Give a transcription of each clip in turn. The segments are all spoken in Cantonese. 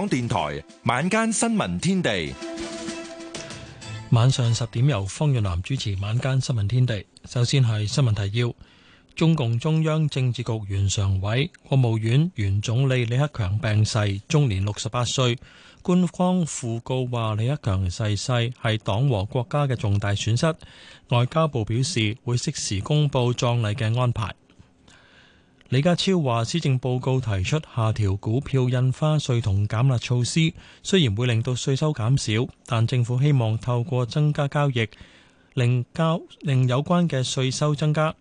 港電台晚間新聞天地，晚上十點由方若南主持晚間新聞天地。首先係新聞提要：中共中央政治局原常委、國務院原總理李克強病逝，終年六十八歲。官方訃告話李克強逝世係黨和國家嘅重大損失。外交部表示會適時公布葬禮嘅安排。李家超話，施政報告提出下調股票印花稅同減納措施，雖然會令到稅收減少，但政府希望透過增加交易，令交令有關嘅稅收增加。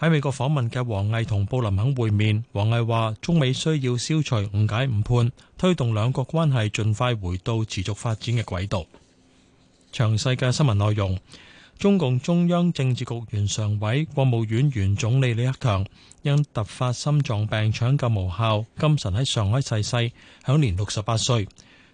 喺美國訪問嘅王毅同布林肯會面，王毅話中美需要消除誤解誤判，推動兩國關係盡快回到持續發展嘅軌道。詳細嘅新聞內容。中共中央政治局原常委、國務院原總理李克強因突發心臟病搶救無效，今晨喺上海逝世，享年六十八歲。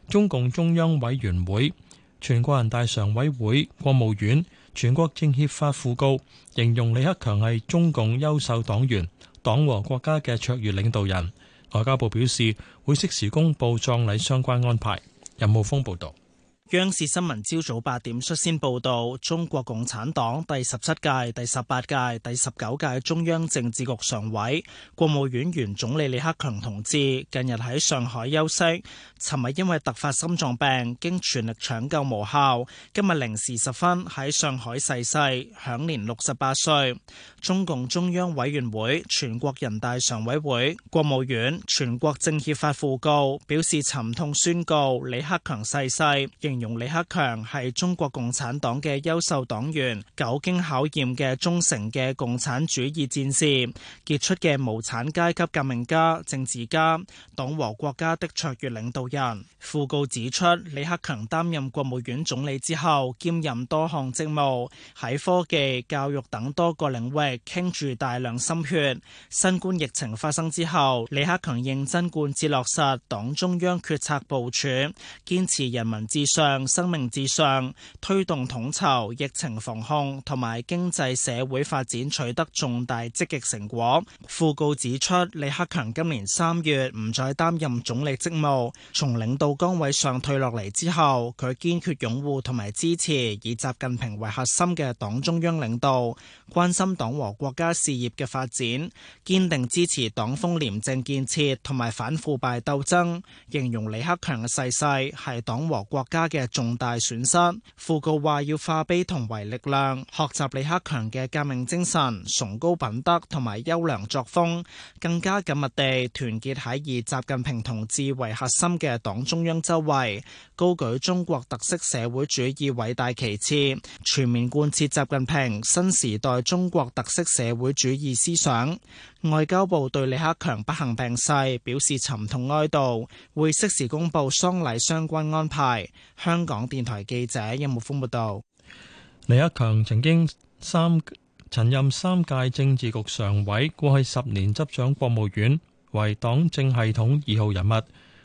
中共中央委員會、全國人大常委會、國務院、全國政協發訃告，形容李克強係中共優秀黨員、黨和國家嘅卓越領導人。外交部表示會適時公佈葬禮相關安排。任浩峰報道。央視新聞朝早八點率先報道，中國共產黨第十七屆、第十八屆、第十九屆中央政治局常委、國務院原總理李克強同志近日喺上海休息，尋日因為突發心臟病，經全力搶救無效，今日零時十分喺上海逝世，享年六十八歲。中共中央委員會、全國人大常委會、國務院、全國政協發讣告，表示沉痛宣告李克強逝世，仍。容李克強係中國共產黨嘅優秀黨員，久經考驗嘅忠誠嘅共產主義戰士，傑出嘅無產階級革命家、政治家，黨和國家的卓越領導人。訃告指出，李克強擔任國務院總理之後，兼任多項職務，喺科技、教育等多個領域傾注大量心血。新冠疫情發生之後，李克強認真貫徹落實黨中央決策部署，堅持人民至上。讓生命至上，推動統籌疫情防控同埋經濟社會發展取得重大積極成果。報告指出，李克強今年三月唔再擔任總理職務，從領導崗位上退落嚟，之後佢堅決擁護同埋支持以習近平為核心嘅黨中央領導，關心黨和國家事業嘅發展，堅定支持黨風廉政建設同埋反腐敗鬥爭，形容李克強嘅逝世係黨和國家嘅重大損失，副告話要化悲痛為力量，學習李克強嘅革命精神、崇高品德同埋優良作風，更加緊密地團結喺以習近平同志為核心嘅黨中央周圍，高舉中國特色社會主義偉大旗幟，全面貫徹習近平新時代中國特色社會主義思想。外交部對李克強不幸病逝表示沉痛哀悼，會適時公布喪禮相關安排。香港電台記者任木峰報道：李克強曾經三曾任三屆政治局常委，過去十年執掌國務院，為黨政系統二號人物。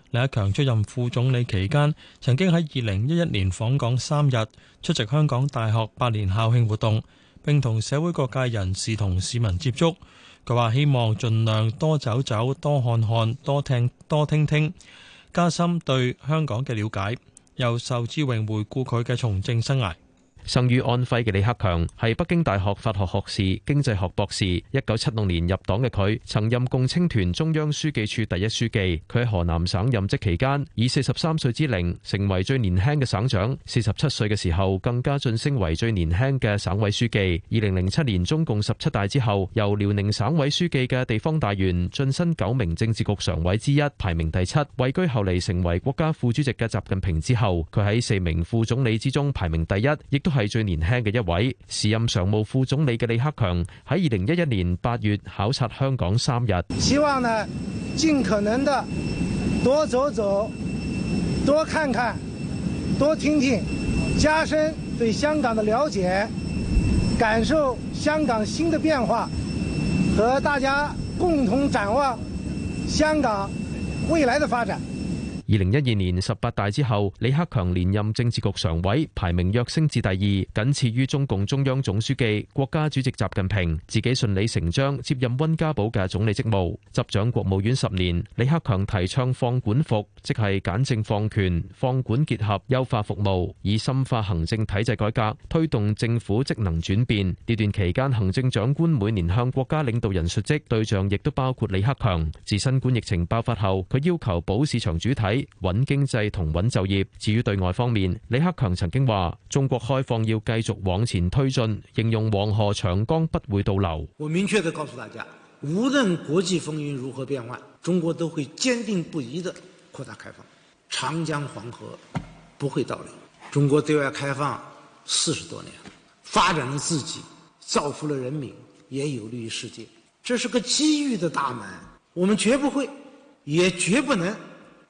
李克強出任副總理期間，曾經喺二零一一年訪港三日，出席香港大學百年校慶活動，並同社會各界人士同市民接觸。佢話：希望盡量多走走、多看看、多聽多聽聽，加深對香港嘅了解。由仇之榮回顧佢嘅從政生涯。生於安徽嘅李克強係北京大學法學學士、經濟學博士。一九七六年入黨嘅佢，曾任共青團中央書記處第一書記。佢喺河南省任職期間，以四十三歲之齡成為最年輕嘅省長。四十七歲嘅時候，更加晉升為最年輕嘅省委書記。二零零七年中共十七大之後，由遼寧省委書記嘅地方大員晉身九名政治局常委之一，排名第七，位居後嚟成為國家副主席嘅習近平之後。佢喺四名副總理之中排名第一，亦都係最年輕嘅一位。時任常務副總理嘅李克強喺二零一一年八月考察香港三日。希望呢，盡可能的多走走、多看看、多聽聽，加深對香港的了解，感受香港新的變化，和大家共同展望香港未來嘅發展。二零一二年十八大之後，李克強連任政治局常委，排名躍升至第二，僅次於中共中央總書記、國家主席習近平。自己順理成章接任温家寶嘅總理職務，執掌國務院十年。李克強提倡放管服，即係簡政放權、放管結合、優化服務，以深化行政體制改革，推動政府職能轉變。呢段期間，行政長官每年向國家領導人述職對象亦都包括李克強。自新冠疫情爆發後，佢要求保市場主體。穩經濟同穩就業。至於對外方面，李克強曾經話：中國開放要繼續往前推進，形容黃河長江不會倒流。我明確地告訴大家，無論國際風雲如何變幻，中國都會堅定不移地擴大開放。長江黃河不會倒流。中國對外開放四十多年，發展了自己，造福了人民，也有利於世界。這是個機遇的大門，我們絕不會，也絕不能。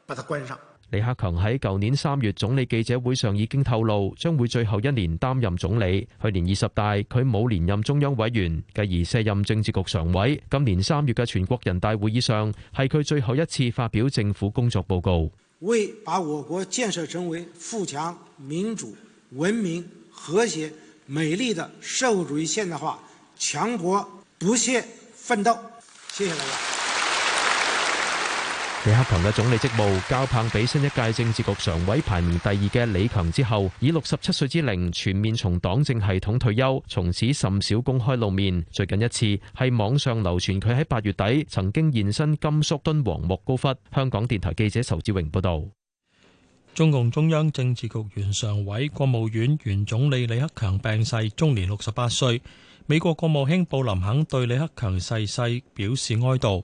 把它關上。李克強喺舊年三月總理記者會上已經透露，將會最後一年擔任總理。去年二十大佢冇連任中央委員，繼而卸任政治局常委。今年三月嘅全國人大會議上，係佢最後一次發表政府工作報告。為把我國建設成為富強、民主、文明、和諧、美麗的社會主義現代化強國，不懈奮鬥。謝謝大家。李克強嘅總理職務交棒俾新一屆政治局常委排名第二嘅李強之後，以六十七歲之齡全面從黨政系統退休，從此甚少公開露面。最近一次係網上流傳佢喺八月底曾經現身甘肅敦煌莫高窟。香港電台記者仇志榮報道：中共中央政治局原常委、國務院原總理李克強病逝，終年六十八歲。美國國務卿布林肯對李克強逝世表示哀悼。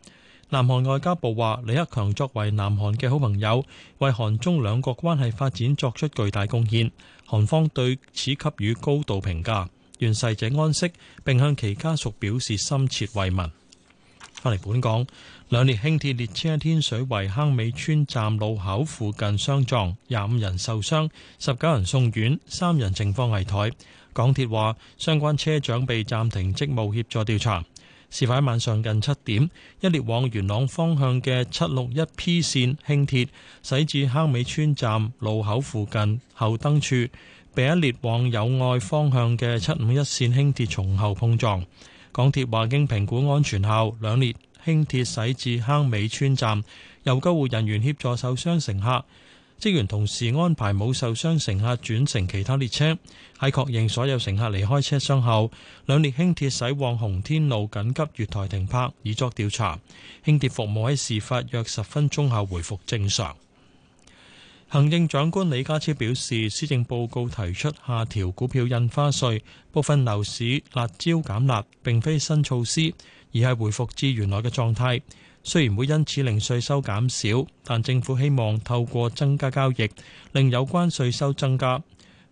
南韓外交部話：李克強作為南韓嘅好朋友，為韓中兩國關係發展作出巨大貢獻，韓方對此給予高度評價。願逝者安息，並向其家屬表示深切慰問。翻嚟本港，兩列輕鐵列車天水圍坑尾村站路口附近相撞，廿五人受傷，十九人送院，三人情況危殆。港鐵話，相關車長被暫停職務協助調查。事發喺晚上近七點，一列往元朗方向嘅七六一 P 線輕鐵駛至坑尾村站路口附近後燈處，被一列往友愛方向嘅七五一線輕鐵從後碰撞。港鐵話經評估安全後，兩列輕鐵駛至坑尾村站，由救護人員協助受傷乘客。職員同時安排冇受傷乘客轉乘其他列車，喺確認所有乘客離開車廂後，兩列輕鐵駛往洪天路緊急月台停泊，以作調查。輕鐵服務喺事發約十分鐘後回復正常。行政長官李家超表示，施政報告提出下調股票印花稅、部分樓市辣招減辣，並非新措施，而係回復至原來嘅狀態。雖然會因此令稅收減少，但政府希望透過增加交易，令有關稅收增加。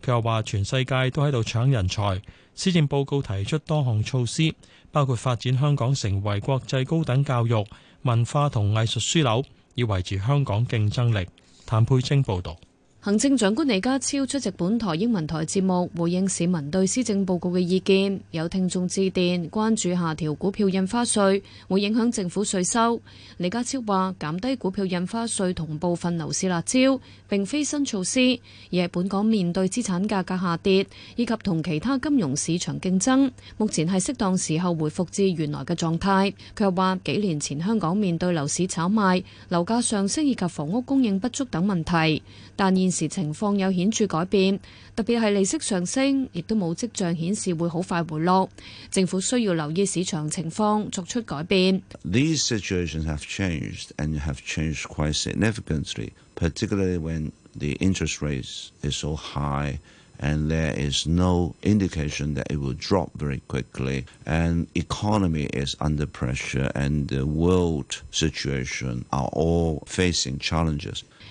佢又話：全世界都喺度搶人才。施政報告提出多項措施，包括發展香港成為國際高等教育、文化同藝術樞紐，以維持香港競爭力。譚佩清報導。行政長官李家超出席本台英文台節目，回應市民對施政報告嘅意見。有聽眾致電關注下調股票印花稅會影響政府稅收。李家超話減低股票印花稅同部分樓市辣招，並非新措施，而係本港面對資產價格下跌以及同其他金融市場競爭，目前係適當時候回復至原來嘅狀態。佢又話幾年前香港面對樓市炒賣、樓價上升以及房屋供應不足等問題，但現現時情況有顯著改變，特別係利息上升，亦都冇跡象顯示會好快回落。政府需要留意市場情況，作出改變。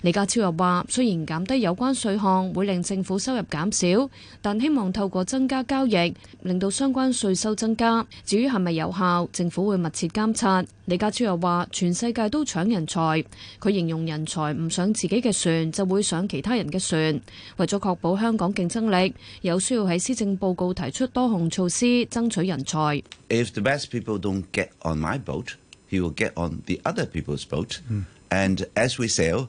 李家超又話：雖然減低有關稅項會令政府收入減少，但希望透過增加交易，令到相關稅收增加。至於係咪有效，政府會密切監察。李家超又話：全世界都搶人才，佢形容人才唔上自己嘅船，就會上其他人嘅船。為咗確保香港競爭力，有需要喺施政報告提出多項措施爭取人才。If the best people don't get on my boat, he will get on the other people's boat, and as we sail.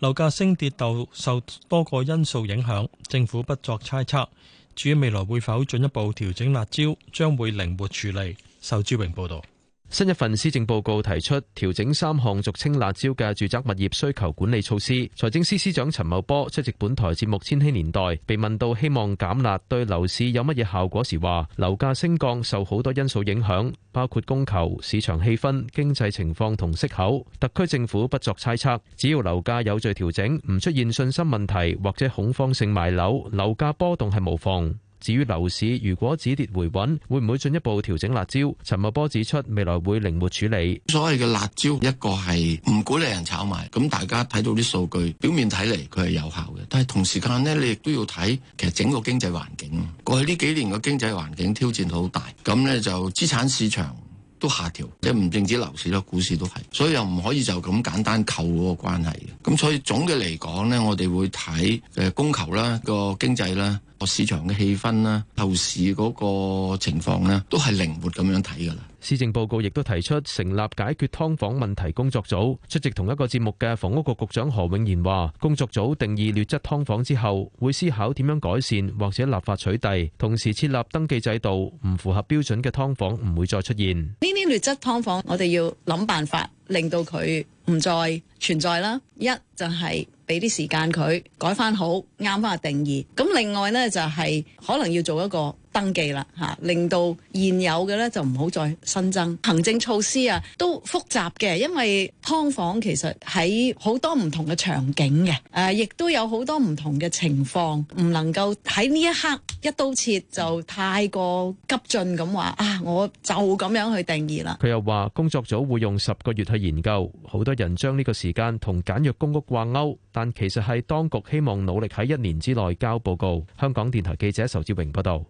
樓價升跌都受多個因素影響，政府不作猜測。至於未來會否進一步調整辣招，將會靈活處理。仇志榮報導。新一份施政報告提出調整三項俗稱辣招嘅住宅物業需求管理措施。財政司司長陳茂波出席本台節目《千禧年代》，被問到希望減辣對樓市有乜嘢效果時，話樓價升降受好多因素影響，包括供求、市場氣氛、經濟情況同息口。特區政府不作猜測，只要樓價有序調整，唔出現信心問題或者恐慌性賣樓，樓價波動係無妨。至於樓市，如果止跌回穩，會唔會進一步調整辣招？陳茂波指出，未來會靈活處理所謂嘅辣招，一個係唔鼓勵人炒賣，咁大家睇到啲數據，表面睇嚟佢係有效嘅，但係同時間呢，你亦都要睇其實整個經濟環境咯。過去呢幾年嘅經濟環境挑戰好大，咁呢，就資產市場都下調，即係唔淨止樓市啦，股市都係，所以又唔可以就咁簡單扣嗰個關係嘅。咁所以總嘅嚟講呢，我哋會睇誒供求啦，個經濟啦，個市場嘅氣氛啦，樓市嗰個情況啦，都係靈活咁樣睇噶啦。施政報告亦都提出成立解決劏房問題工作組。出席同一個節目嘅房屋局局長何永賢話：工作組定義劣質劏房之後，會思考點樣改善或者立法取締，同時設立登記制度，唔符合標準嘅劏房唔會再出現。呢啲劣質劏房，我哋要諗辦法令到佢唔再存在啦。一就係。俾啲時間佢改翻好，啱翻個定義，咁另外咧就係、是、可能要做一個。登記啦嚇，令到現有嘅咧就唔好再新增。行政措施啊都複雜嘅，因為劏房其實喺好多唔同嘅場景嘅，誒、啊、亦都有好多唔同嘅情況，唔能夠喺呢一刻一刀切就太過急進咁話啊！我就咁樣去定義啦。佢又話工作組會用十個月去研究，好多人將呢個時間同簡約公屋掛鈎，但其實係當局希望努力喺一年之內交報告。香港電台記者仇志榮報道。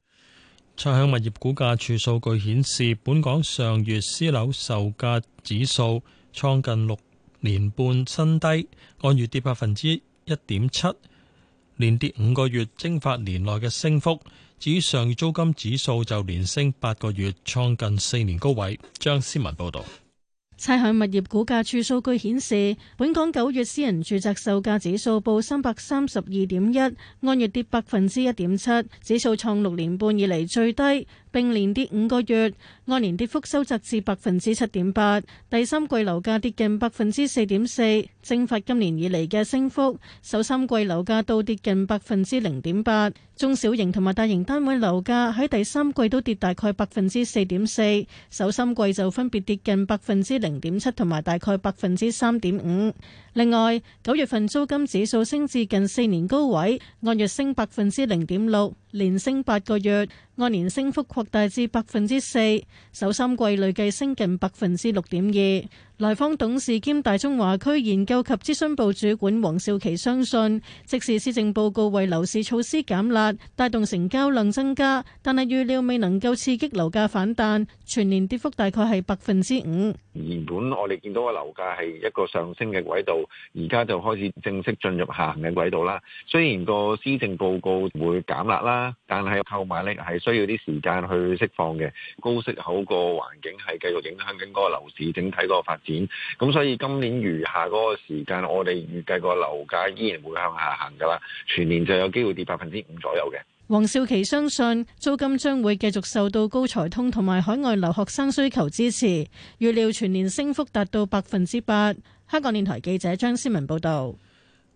差餉物業估價處數據顯示，本港上月私樓售價指數創近六年半新低，按月跌百分之一點七，連跌五個月，蒸發年內嘅升幅。至於上月租金指數就連升八個月，創近四年高位。張思文報道。差餉物業估價處數據顯示，本港九月私人住宅售價指數報三百三十二點一，按月跌百分之一點七，指數創六年半以嚟最低。並連跌五個月，按年跌幅收窄至百分之七點八。第三季樓價跌近百分之四點四，蒸發今年以嚟嘅升幅，首三季樓價都跌近百分之零點八。中小型同埋大型單位樓價喺第三季都跌大概百分之四點四，首三季就分別跌近百分之零點七同埋大概百分之三點五。另外，九月份租金指數升至近四年高位，按月升百分之零點六。連升八個月，按年升幅擴大至百分之四，首三季累計升近百分之六點二。萊坊董事兼大中華區研究及諮詢部主，主管黃少琪相信，即使施政報告為樓市措施減辣，帶動成交量增加，但係預料未能夠刺激樓價反彈，全年跌幅大概係百分之五。原本我哋見到個樓價係一個上升嘅軌道，而家就開始正式進入下行嘅軌道啦。雖然個施政報告會減辣啦，但係購買力係需要啲時間去釋放嘅。高息口個環境係繼續影響緊嗰個樓市整體個發展。咁所以今年餘下嗰個時間，我哋預計個樓價依然會向下行噶啦，全年就有機會跌百分之五左右嘅。黃少琪相信租金將會繼續受到高才通同埋海外留學生需求支持，預料全年升幅達到百分之八。香港電台記者張思文報道。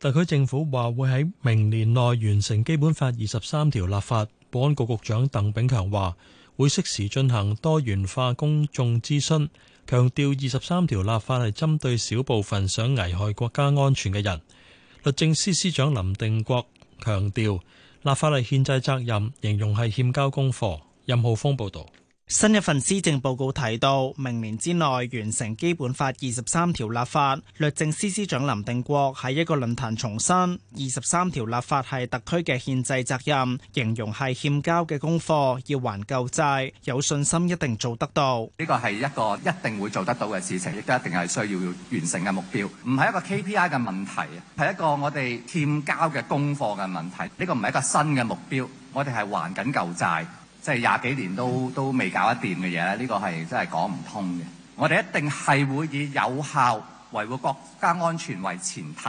特區政府話會喺明年內完成基本法二十三條立法。保安局局長鄧炳強話會適時進行多元化公眾諮詢。強調二十三條立法係針對少部分想危害國家安全嘅人，律政司司長林定國強調立法係憲制責任，形容係欠交功課。任浩峰報導。新一份施政報告提到，明年之內完成基本法二十三條立法。律政司司長林定國喺一個論壇重申，二十三條立法係特區嘅憲制責任，形容係欠交嘅功課，要還舊債，有信心一定做得到。呢個係一個一定會做得到嘅事情，亦都一定係需要完成嘅目標，唔係一個 KPI 嘅問題，係一個我哋欠交嘅功課嘅問題。呢個唔係一個新嘅目標，我哋係還緊舊債。即係廿幾年都都未搞一掂嘅嘢咧，呢個係真係講唔通嘅。我哋一定係會以有效維護國家安全為前提，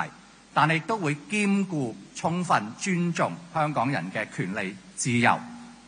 但係都會兼顧充分尊重香港人嘅權利自由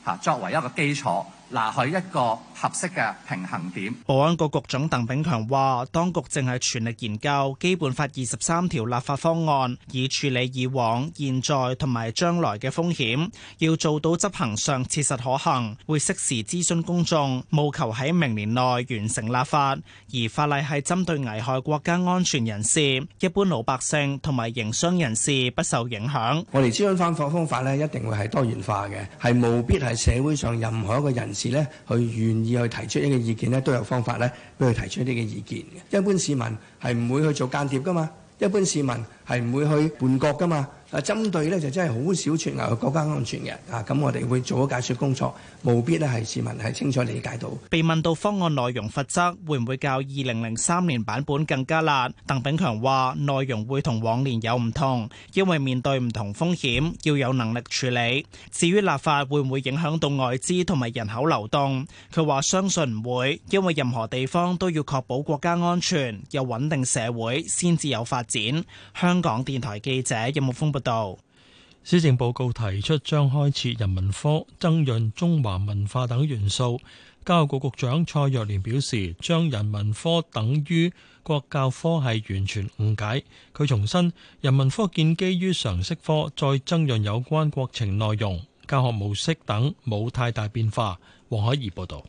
嚇，作為一個基礎。嗱，拿去一個合適嘅平衡點。保安局局長鄧炳強話當局正係全力研究《基本法》二十三條立法方案，以處理以往、現在同埋將來嘅風險，要做到執行上切實可行，會適時諮詢公眾，務求喺明年內完成立法。而法例係針對危害國家安全人士，一般老百姓同埋營商人士不受影響，我哋諮詢方法方法咧，一定會，係多元化嘅，係務必係社會上任何一個人。時咧，佢願意去提出一個意見呢，都有方法呢，幫佢提出一個意見嘅。一般市民係唔會去做間諜㗎嘛，一般市民係唔會去叛國㗎嘛。啊，針對咧就真係好少傳遞國家安全嘅，啊咁我哋會做咗解説工作，務必咧係市民係清楚理解到。被問到方案內容、罰則會唔會較二零零三年版本更加辣，鄧炳強話內容會同往年有唔同，因為面對唔同風險要有能力處理。至於立法會唔會影響到外資同埋人口流動，佢話相信唔會，因為任何地方都要確保國家安全，有穩定社會先至有發展。香港電台記者任木風。報道，施政報告提出將開設人文科，增潤中華文化等元素。教育局局長蔡若蓮表示，將人文科等於國教科係完全誤解。佢重申，人文科建基於常識科，再增潤有關國情內容、教學模式等，冇太大變化。黃海怡報道。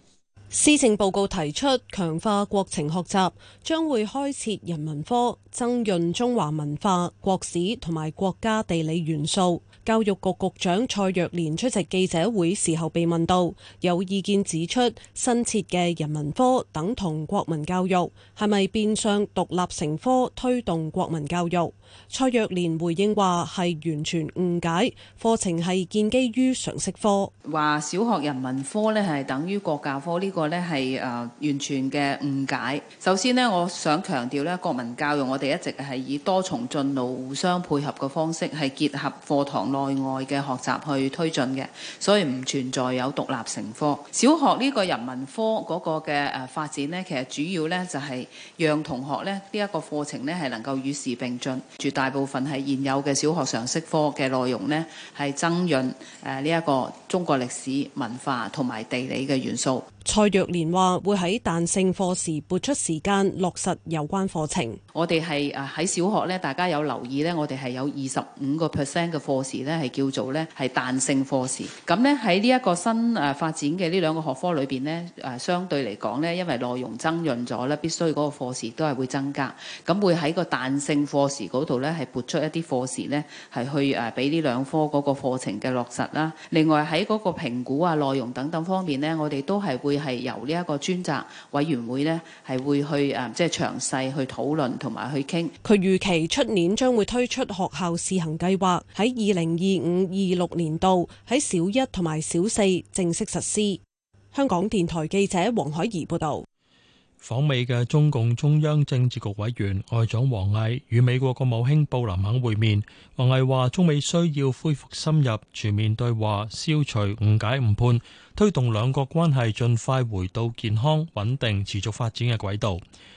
施政報告提出強化國情學習，將會開設人文科，增潤中華文化、國史同埋國家地理元素。教育局局長蔡若蓮出席記者會時候被問到，有意見指出新設嘅人文科等同國民教育，係咪變相獨立成科推動國民教育？蔡若蓮回應話係完全誤解，課程係建基於常識科。話小學人文科呢係等於國教科呢、這個。個咧係誒完全嘅誤解。首先呢，我想強調咧，國民教育我哋一直係以多重進路互相配合嘅方式，係結合課堂內外嘅學習去推進嘅，所以唔存在有獨立成科。小學呢個人文科嗰個嘅誒發展呢，其實主要呢就係讓同學咧呢一個課程呢，係能夠與時並進，絕大部分係現有嘅小學常識科嘅內容呢，係增潤誒呢一個中國歷史、文化同埋地理嘅元素。若蓮話會喺彈性課時撥出時間落實有關課程。我哋係誒喺小學咧，大家有留意咧，我哋係有二十五個 percent 嘅課時咧，係叫做咧係彈性課時。咁咧喺呢一個新誒發展嘅呢兩個學科裏邊咧，誒相對嚟講咧，因為內容增潤咗咧，必須嗰個課時都係會增加。咁會喺個彈性課時嗰度咧，係撥出一啲課時咧，係去誒俾呢兩科嗰個課程嘅落實啦。另外喺嗰個評估啊、內容等等方面咧，我哋都係會係。由呢一個專責委員會呢係會去誒，即係詳細去討論同埋去傾。佢預期出年將會推出學校試行計劃，喺二零二五、二六年度喺小一同埋小四正式實施。香港電台記者黃海怡報道。訪美嘅中共中央政治局委員外長王毅與美國國務卿布林肯會面。王毅話：中美需要恢復深入全面對話，消除誤解誤判，推動兩國關係盡快回到健康穩定持續發展嘅軌道。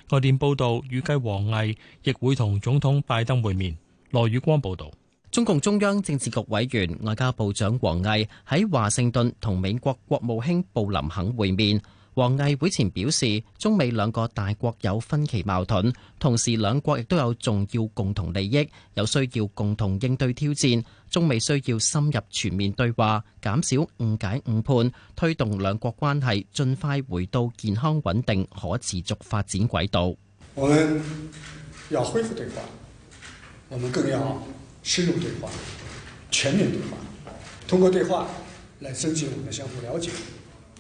外電報道預計王毅亦會同總統拜登會面。羅宇光報道：中共中央政治局委員外交部長王毅喺華盛頓同美國國務卿布林肯會面。王毅會前表示，中美兩個大國有分歧矛盾，同時兩國亦都有重要共同利益，有需要共同應對挑戰。中美需要深入全面對話，減少誤解誤判，推動兩國關係盡快回到健康穩定可持續發展軌道。我們要恢復對話，我們更要深入對話、全面對話，通過對話來增進我們相互了解。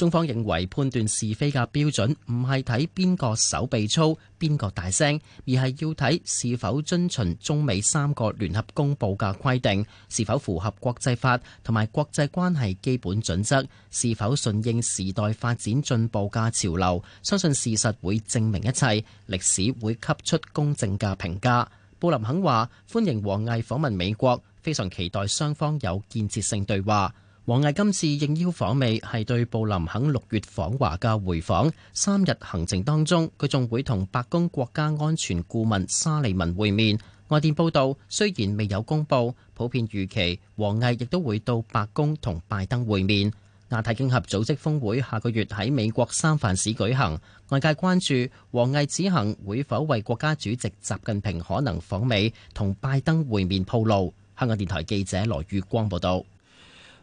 中方認為判斷是非嘅標準唔係睇邊個手臂粗、邊個大聲，而係要睇是否遵循中美三個聯合公布嘅規定，是否符合國際法同埋國際關係基本準則，是否順應時代發展進步嘅潮流。相信事實會證明一切，歷史會給出公正嘅評價。布林肯話：歡迎王毅訪問美國，非常期待雙方有建設性對話。王毅今次應邀訪美係對布林肯六月訪華嘅回訪，三日行程當中，佢仲會同白宮國家安全顧問沙利文會面。外電報道，雖然未有公布，普遍預期，王毅亦都會到白宮同拜登會面。亞太經合組織峰會下個月喺美國三藩市舉行，外界關注，王毅此行會否為國家主席習近平可能訪美同拜登會面鋪路。香港電台記者羅玉光報道。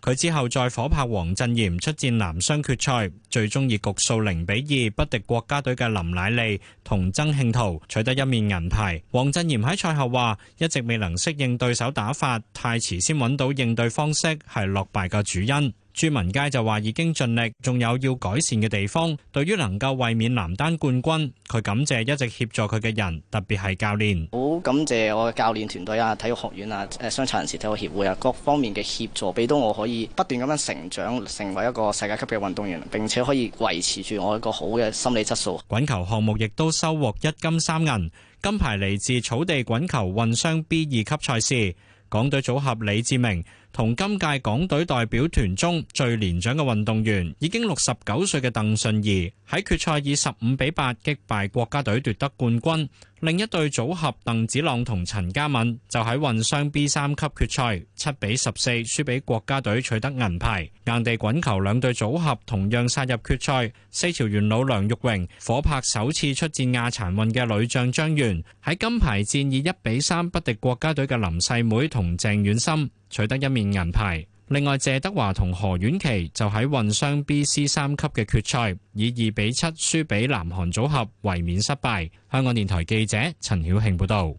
佢之後再夥拍王振炎出戰男雙決賽，最終以局數零比二不敵國家隊嘅林乃利同曾慶圖，取得一面銀牌。王振炎喺賽後話：一直未能適應對手打法，太遲先揾到應對方式，係落敗嘅主因。朱文佳就話已經盡力，仲有要改善嘅地方。對於能夠衛冕男單冠軍，佢感謝一直協助佢嘅人，特別係教練。好感謝我嘅教練團隊啊，體育學院啊，誒，傷殘人士體育協會啊，各方面嘅協助，俾到我可以不斷咁樣成長，成為一個世界級嘅運動員，並且可以維持住我一個好嘅心理質素。滾球項目亦都收穫一金三銀，金牌嚟自草地滾球混雙 B 二級賽事，港隊組合李志明，同今屆港隊代表團中最年長嘅運動員，已經六十九歲嘅鄧順儀，喺決賽以十五比八擊敗國家隊奪得冠軍。另一對組合鄧子朗同陳嘉敏就喺混雙 B 三級決賽，七比十四輸俾國家隊，取得銀牌。硬地滾球兩隊組合同樣殺入決賽。四朝元老梁玉榮、火拍首次出戰亞殘運嘅女將張元，喺金牌戰以一比三不敵國家隊嘅林世妹同鄭遠心，取得一面銀牌。另外，謝德華同何婉琪就喺混雙 B、C 三級嘅決賽，以二比七輸俾南韓組合，衛冕失敗。香港電台記者陳曉慶報導。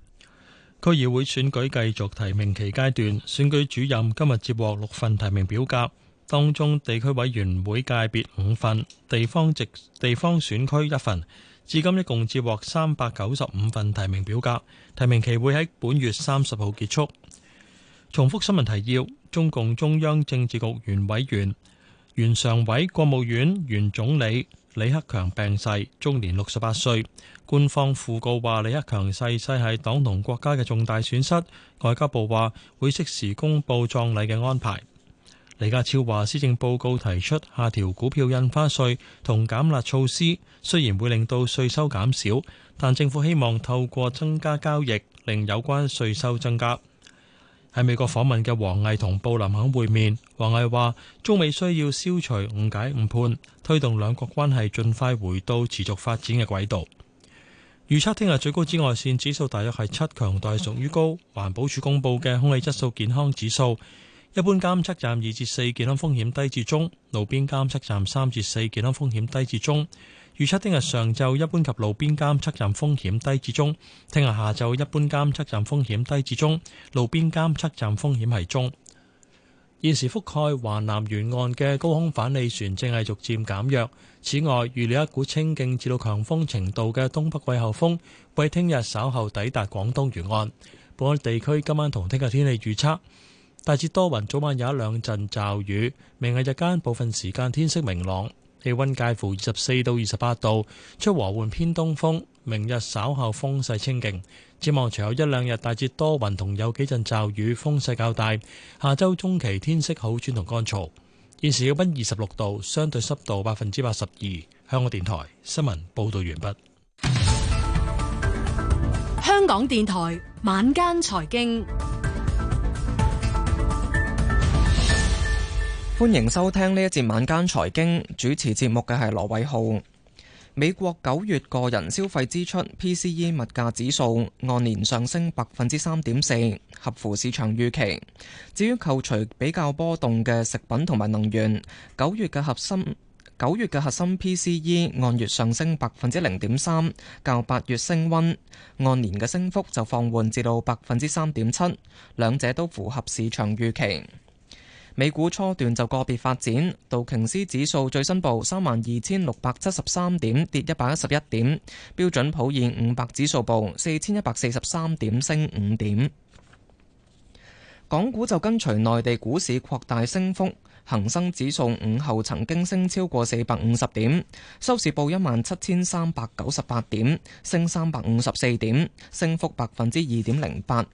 區議會選舉繼續提名期階段，選舉主任今日接獲六份提名表格，當中地區委員會界別五份，地方直地方選區一份。至今一共接獲三百九十五份提名表格，提名期會喺本月三十號結束。重複新聞提要：中共中央政治局原委員、原常委、國務院原總理李克強病逝，終年六十八歲。官方訃告話李克強逝世係黨同國家嘅重大損失。外交部話會適時公布葬禮嘅安排。李家超話施政報告提出下調股票印花稅同減辣措施，雖然會令到稅收減少，但政府希望透過增加交易令有關稅收增加。喺美國訪問嘅王毅同布林肯會面，王毅話中美需要消除誤解誤判，推動兩國關係盡快回到持續發展嘅軌道。預測聽日最高紫外線指數大約係七，強度屬於高。環保署公布嘅空氣質素健康指數，一般監測站二至四，健康風險低至中；路邊監測站三至四，健康風險低至中。預測聽日上晝一般及路邊監測站風險低至中，聽日下晝一般監測站風險低至中，路邊監測站風險係中。現時覆蓋華南沿岸嘅高空反氣旋正係逐漸減弱。此外，預料一股清勁至到強風程度嘅東北季候風，會聽日稍後抵達廣東沿岸。本港地區今晚同聽日天氣預測：大致多雲，早晚有一兩陣驟雨，明日日間部分時間天色明朗。氣温介乎二十四到二十八度，出和緩偏東風。明日稍後風勢清勁，展望隨後一兩日大致多雲，同有幾陣驟雨，風勢較大。下周中期天色好轉同乾燥。現時氣溫二十六度，相對濕度百分之八十二。香港電台新聞報道完畢。香港電台晚間財經。歡迎收聽呢一節晚間財經，主持節目嘅係羅偉浩。美國九月個人消費支出 （PCE） 物價指數按年上升百分之三點四，合乎市場預期。至於扣除比較波動嘅食品同埋能源，九月嘅核心九月嘅核心 PCE 按月上升百分之零點三，較八月升溫，按年嘅升幅就放緩至到百分之三點七，兩者都符合市場預期。美股初段就個別發展，道瓊斯指數最新報三萬二千六百七十三點，跌一百一十一點；標準普爾五百指數報四千一百四十三點，升五點。港股就跟隨內地股市擴大升幅，恒生指數午後曾經升超過四百五十點，收市報一萬七千三百九十八點，升三百五十四點，升幅百分之二點零八。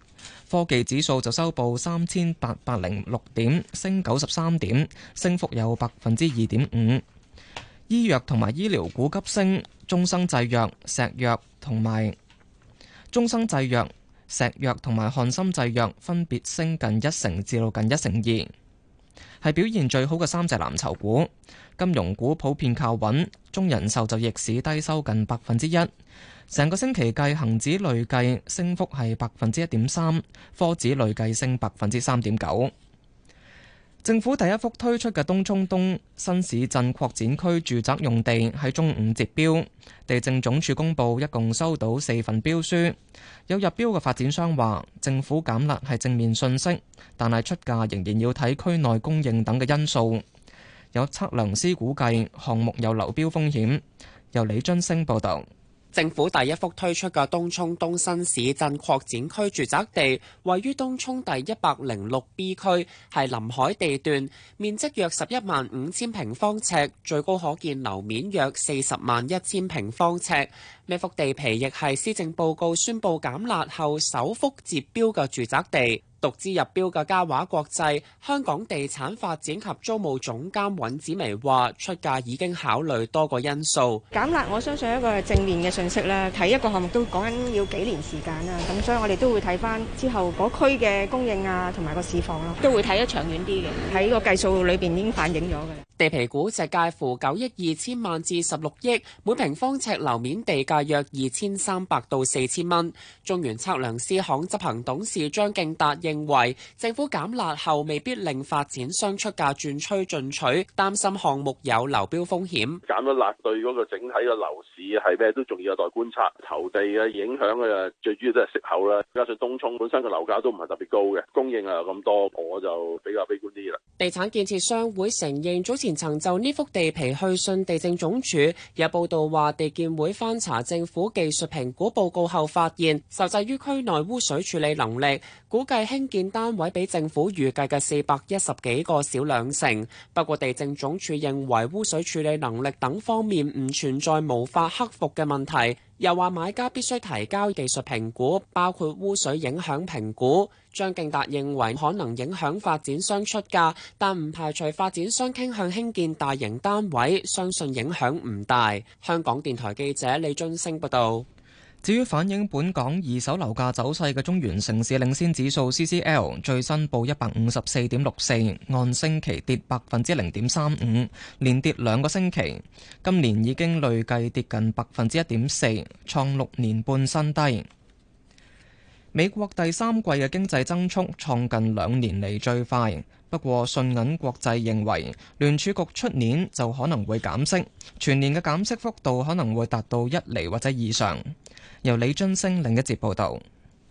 科技指數就收報三千八百零六點，升九十三點，升幅有百分之二點五。醫藥同埋醫療股急升，中生製藥、石藥同埋中生製藥、石藥同埋漢森製藥分別升近一成至到近一成二，係表現最好嘅三隻藍籌股。金融股普遍靠穩，中人壽就逆市低收近百分之一。成個星期計，恒指累計升幅係百分之一點三，科指累計升百分之三點九。政府第一幅推出嘅東涌東新市鎮擴展區住宅用地喺中午截標，地政總署公佈一共收到四份標書。有入標嘅發展商話，政府減辣係正面信息，但係出價仍然要睇區內供應等嘅因素。有測量師估計項目有流標風險。由李津升報導。政府第一幅推出嘅東涌東新市鎮擴展區住宅地，位於東涌第一百零六 B 區，係臨海地段，面積約十一萬五千平方尺，最高可見樓面約四十萬一千平方尺。呢幅地皮亦係施政報告宣佈減辣後首幅截標嘅住宅地。獨資入標嘅嘉華國際香港地產發展及租務總監尹子薇話：出價已經考慮多個因素。咁啦，我相信一個係正面嘅信息啦。睇一個項目都講緊要幾年時間啦，咁所以我哋都會睇翻之後嗰區嘅供應啊，同埋個市況咯，都會睇得長遠啲嘅。喺個計數裏邊已經反映咗㗎。地皮估值介乎九億二千萬至十六億，每平方尺樓面地價約二千三百到四千蚊。中原測量師行執行董事張敬達認為，政府減辣後未必令發展商出價轉趨進取，擔心項目有流標風險。減咗辣對嗰個整體嘅樓市係咩都仲要有待觀察，投地嘅影響嘅最主要都係息口啦。加上東涌本身個樓價都唔係特別高嘅，供應又咁多，我就比較悲觀啲啦。地產建設商會承認早前。前曾就呢幅地皮去信地政總署，有報道話地建會翻查政府技術評估報告後，發現受制於區內污水處理能力，估計興建單位比政府預計嘅四百一十幾個少兩成。不過地政總署認為污水處理能力等方面唔存在無法克服嘅問題。又話買家必須提交技術評估，包括污水影響評估。張敬達認為可能影響發展商出價，但唔排除發展商傾向興建大型單位，相信影響唔大。香港電台記者李津星報道。至於反映本港二手樓價走勢嘅中原城市領先指數 （CCL） 最新報一百五十四點六四，按星期跌百分之零點三五，連跌兩個星期。今年已經累計跌近百分之一點四，創六年半新低。美國第三季嘅經濟增速創近兩年嚟最快，不過信銀國際認為聯儲局出年就可能會減息，全年嘅減息幅度可能會達到一厘或者以上。由李津升另一節報道，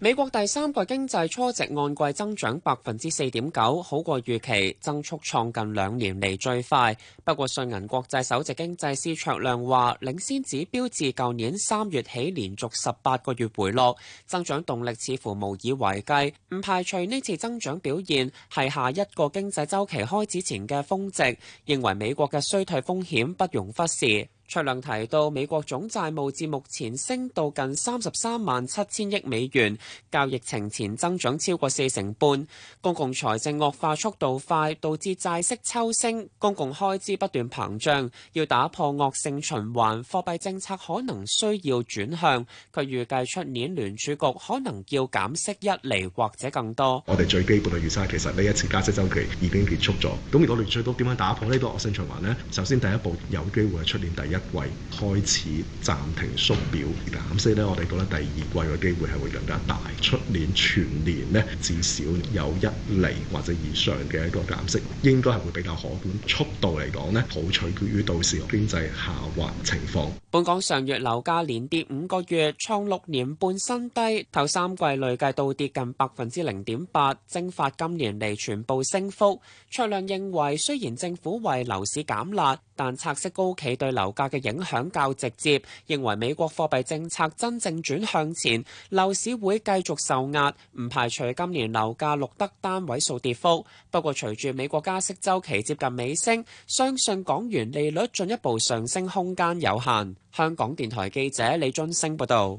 美國第三季經濟初值按季增長百分之四點九，好過預期，增速創近兩年嚟最快。不過，信銀國際首席經濟師卓亮話，領先指標自舊年三月起連續十八個月回落，增長動力似乎無以為繼，唔排除呢次增長表現係下一個經濟週期開始前嘅峰值，認為美國嘅衰退風險不容忽視。卓亮提到，美國總債務至目前升到近三十三萬七千億美元，較疫情前增長超過四成半。公共財政惡化速度快，導致債息抽升，公共開支不斷膨脹，要打破惡性循環，貨幣政策可能需要轉向。佢預計出年聯儲局可能要減息一厘或者更多。我哋最基本嘅預測，其實呢一次加息週期已經結束咗。咁如果聯儲局點樣打破呢個惡性循環呢？首先第一步有機會係出年第一一季開始，暫停縮表，減息呢，我哋覺得第二季嘅機會係會更加大。出年全年呢，至少有一厘或者以上嘅一個減息，應該係會比較可觀。速度嚟講呢，好取決於到時經濟下滑情況。本港上月樓價連跌五個月，創六年半新低。頭三季累計到跌近百分之零點八，蒸發今年嚟全部升幅。卓亮認為，雖然政府為樓市減辣，但拆息高企對樓價嘅影響較直接，認為美國貨幣政策真正轉向前，樓市會繼續受壓，唔排除今年樓價錄得單位數跌幅。不過，隨住美國加息周期接近尾聲，相信港元利率進一步上升空間有限。香港電台記者李津星報道。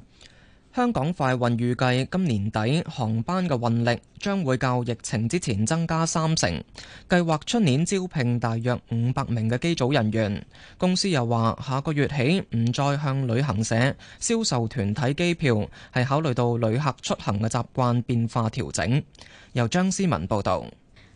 香港快運預計今年底航班嘅運力將會較疫情之前增加三成，計劃出年招聘大約五百名嘅機組人員。公司又話下個月起唔再向旅行社銷售團體機票，係考慮到旅客出行嘅習慣變化調整。由張思文報道。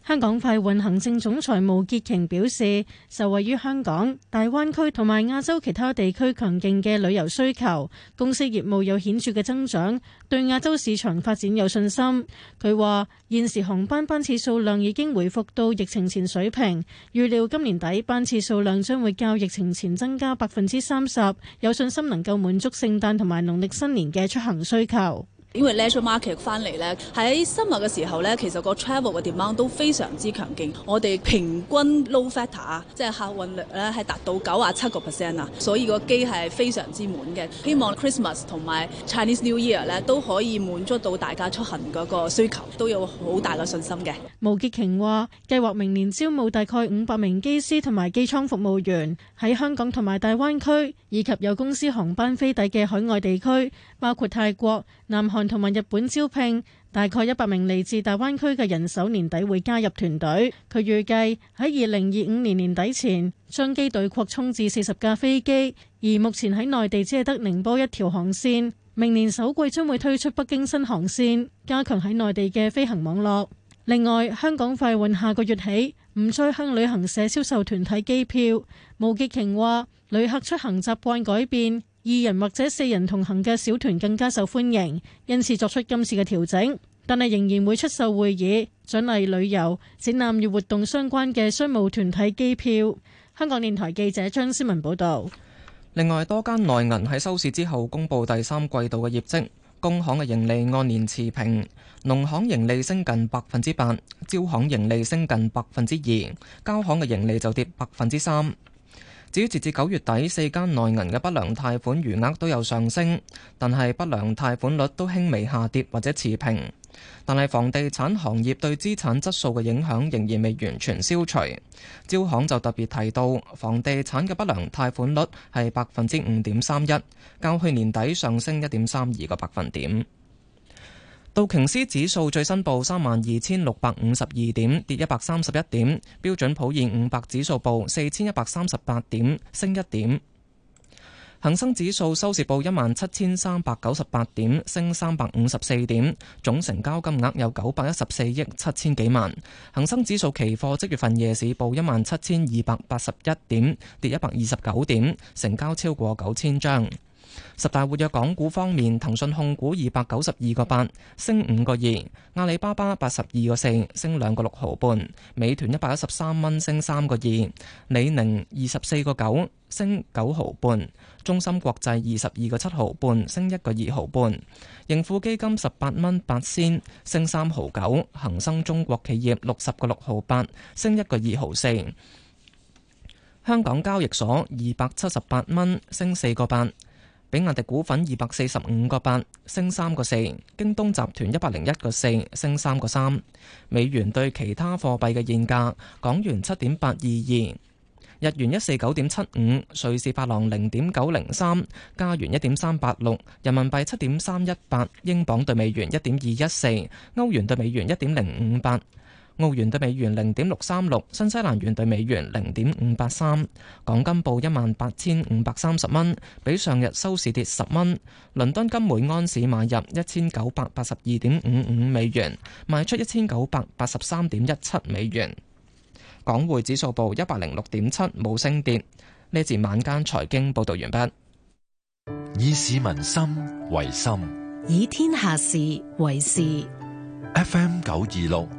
香港快運行政總裁毛潔瓊表示，受惠於香港、大灣區同埋亞洲其他地區強勁嘅旅遊需求，公司業務有顯著嘅增長，對亞洲市場發展有信心。佢話：現時航班班次數量已經回復到疫情前水平，預料今年底班次數量將會較疫情前增加百分之三十，有信心能夠滿足聖誕同埋農曆新年嘅出行需求。因為 leisure market 翻嚟咧，喺新樂嘅時候咧，其實個 travel 嘅 demand 都非常之強勁，我哋平均 low factor 啊，即係客運率咧係達到九啊七個 percent 啊，所以個機係非常之滿嘅。希望 Christmas 同埋 Chinese New Year 咧都可以滿足到大家出行個需求，都有好大嘅信心嘅。毛潔瓊話，計劃明年招募大概五百名機師同埋機艙服務員，喺香港同埋大灣區以及有公司航班飛抵嘅海外地區，包括泰國南韓、同埋日本招聘，大概一百名嚟自大灣區嘅人手，年底會加入團隊。佢預計喺二零二五年年底前將機隊擴充至四十架飛機，而目前喺內地只係得寧波一條航線。明年首季將會推出北京新航線，加強喺內地嘅飛行網絡。另外，香港快運下個月起唔再向旅行社銷售團體機票。毛潔瓊話：旅客出行習慣改變。二人或者四人同行嘅小團更加受歡迎，因此作出今次嘅調整。但係仍然會出售會議、獎勵旅遊、展覽與活動相關嘅商務團體機票。香港電台記者張思文報道。另外，多間內銀喺收市之後公布第三季度嘅業績。工行嘅盈利按年持平，農行盈利升近百分之八，招行盈利升近百分之二，交行嘅盈利就跌百分之三。至於截至九月底，四間內銀嘅不良貸款餘額都有上升，但係不良貸款率都輕微下跌或者持平。但係房地產行業對資產質素嘅影響仍然未完全消除。招行就特別提到，房地產嘅不良貸款率係百分之五點三一，較去年底上升一點三二個百分點。道瓊斯指數最新報三萬二千六百五十二點，跌一百三十一點；標準普爾五百指數報四千一百三十八點，升一點。恒生指數收市報一萬七千三百九十八點，升三百五十四點，總成交金額有九百一十四億七千幾萬。恒生指數期貨即月份夜市報一萬七千二百八十一點，跌一百二十九點，成交超過九千張。十大活躍港股方面，騰訊控股二百九十二個八升五個二，阿里巴巴八十二個四升兩個六毫半，美團一百一十三蚊升三個二，李寧二十四個九升九毫半，中芯國際二十二個七毫半升一個二毫半，盈富基金十八蚊八仙升三毫九，恒生中國企業六十個六毫八升一個二毫四，香港交易所二百七十八蚊升四個八。比亞迪股份二百四十五個八升三個四，京東集團一百零一個四升三個三，美元對其他貨幣嘅現價，港元七點八二二，日元一四九點七五，瑞士法郎零點九零三，加元一點三八六，人民幣七點三一八，英鎊兌美元一點二一四，歐元兌美元一點零五八。澳元對美元零點六三六，新西蘭元對美元零點五八三，港金報一萬八千五百三十蚊，比上日收市跌十蚊。倫敦金每安士買入一千九百八十二點五五美元，賣出一千九百八十三點一七美元。港匯指數報一百零六點七，冇升跌。呢節晚間財經報道完畢，以市民心為心，以天下事為事。F.M. 九二六。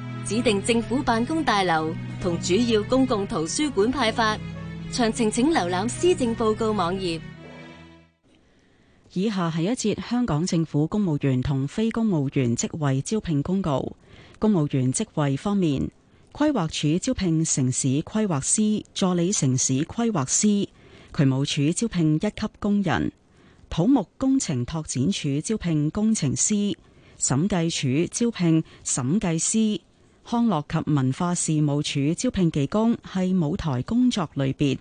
指定政府辦公大樓同主要公共圖書館派發。詳情請瀏覽施政報告網頁。以下係一節香港政府公務員同非公務員職位招聘公告。公務員職位方面，規劃署招聘城市規劃師、助理城市規劃師；渠務署招聘一級工人；土木工程拓展署招聘工程師；審計署招聘審計師。康樂及文化事務署招聘技工，係舞台工作類別；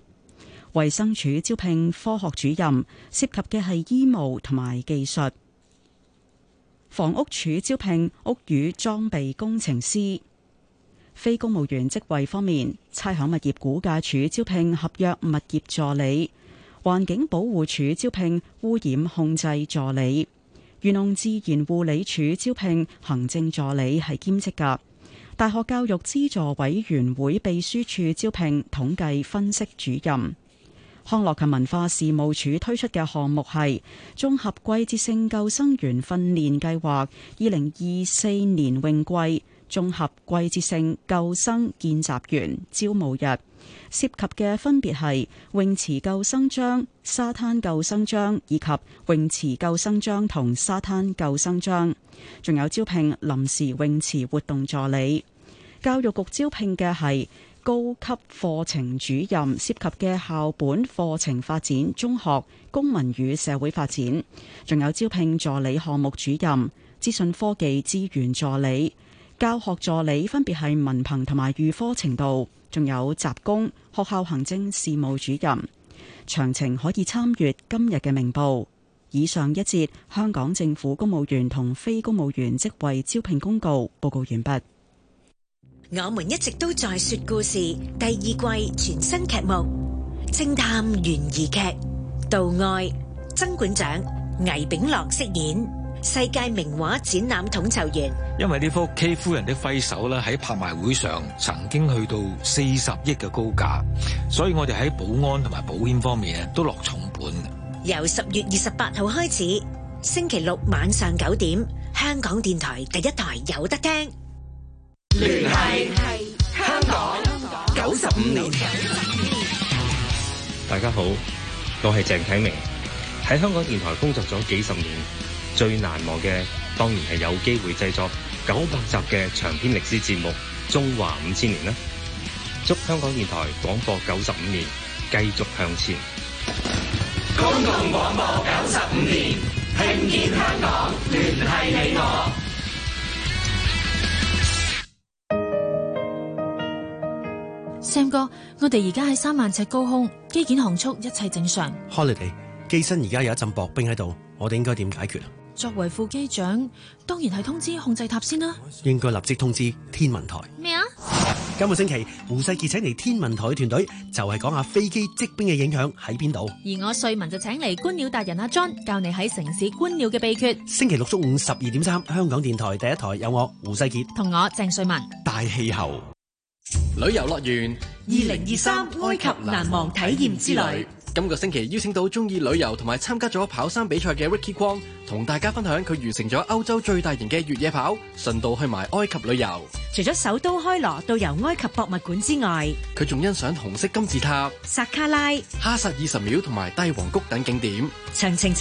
衛生署招聘科學主任，涉及嘅係醫務同埋技術。房屋署招聘屋宇裝備工程師。非公務員職位方面，差餉物業估價署招聘合約物業助理；環境保護署招聘污染控制助理；漁農自然護理署招聘行政助理，係兼職㗎。大學教育資助委員會秘書處招聘統計分析主任，康樂及文化事務署推出嘅項目係綜合季節性救生員訓練計劃，二零二四年泳季綜合季節性救生見習員招募日。涉及嘅分別係泳池救生章、沙灘救生章以及泳池救生章同沙灘救生章，仲有招聘臨時泳池活動助理。教育局招聘嘅係高級課程主任，涉及嘅校本課程發展、中學公民與社會發展，仲有招聘助理項目主任、資訊科技資源助理、教學助理，分別係文憑同埋預科程度。仲有雜工、學校行政事務主任，詳情可以參閱今日嘅明報。以上一節香港政府公務員同非公務員職位招聘公告報告完畢。我們一直都在說故事，第二季全新劇目《偵探懸疑劇》，杜愛、曾館長、倪炳樂飾演。世界名畫展覽統籌員。因為呢幅 K 夫人的揮手咧，喺拍賣會上曾經去到四十億嘅高價，所以我哋喺保安同埋保險方面咧，都落重本嘅。由十月二十八號開始，星期六晚上九點，香港電台第一台有得聽。聯繫係香港九十五年。大家好，我係鄭啟明。喺香港電台工作咗幾十年，最難忘嘅當然係有機會製作九百集嘅長篇歷史節目《中華五千年》啦！祝香港電台廣播九十五年，繼續向前！公共廣播九十五年，聽見香港，聯繫你我。Sam 哥，我哋而家喺三萬尺高空，機件航速一切正常。Holiday。機身而家有一陣薄冰喺度，我哋應該點解決啊？作為副機長，當然係通知控制塔先啦、啊。應該立即通知天文台咩啊？麼今個星期，胡世傑請嚟天文台團隊，就係講下飛機積冰嘅影響喺邊度。而我瑞文就請嚟觀鳥達人阿 john 教你喺城市觀鳥嘅秘訣。星期六中午十二點三，3, 香港電台第一台有我胡世傑同我鄭瑞文。大氣候，旅遊樂園，二零二三埃及難忘體驗之旅。今個星期邀請到中意旅遊同埋參加咗跑山比賽嘅 Ricky Kwong，同大家分享佢完成咗歐洲最大型嘅越野跑，順道去埋埃及旅遊。除咗首都開羅到遊埃及博物館之外，佢仲欣賞紅色金字塔、薩卡拉、哈薩二十秒同埋帝王谷等景點。詳情。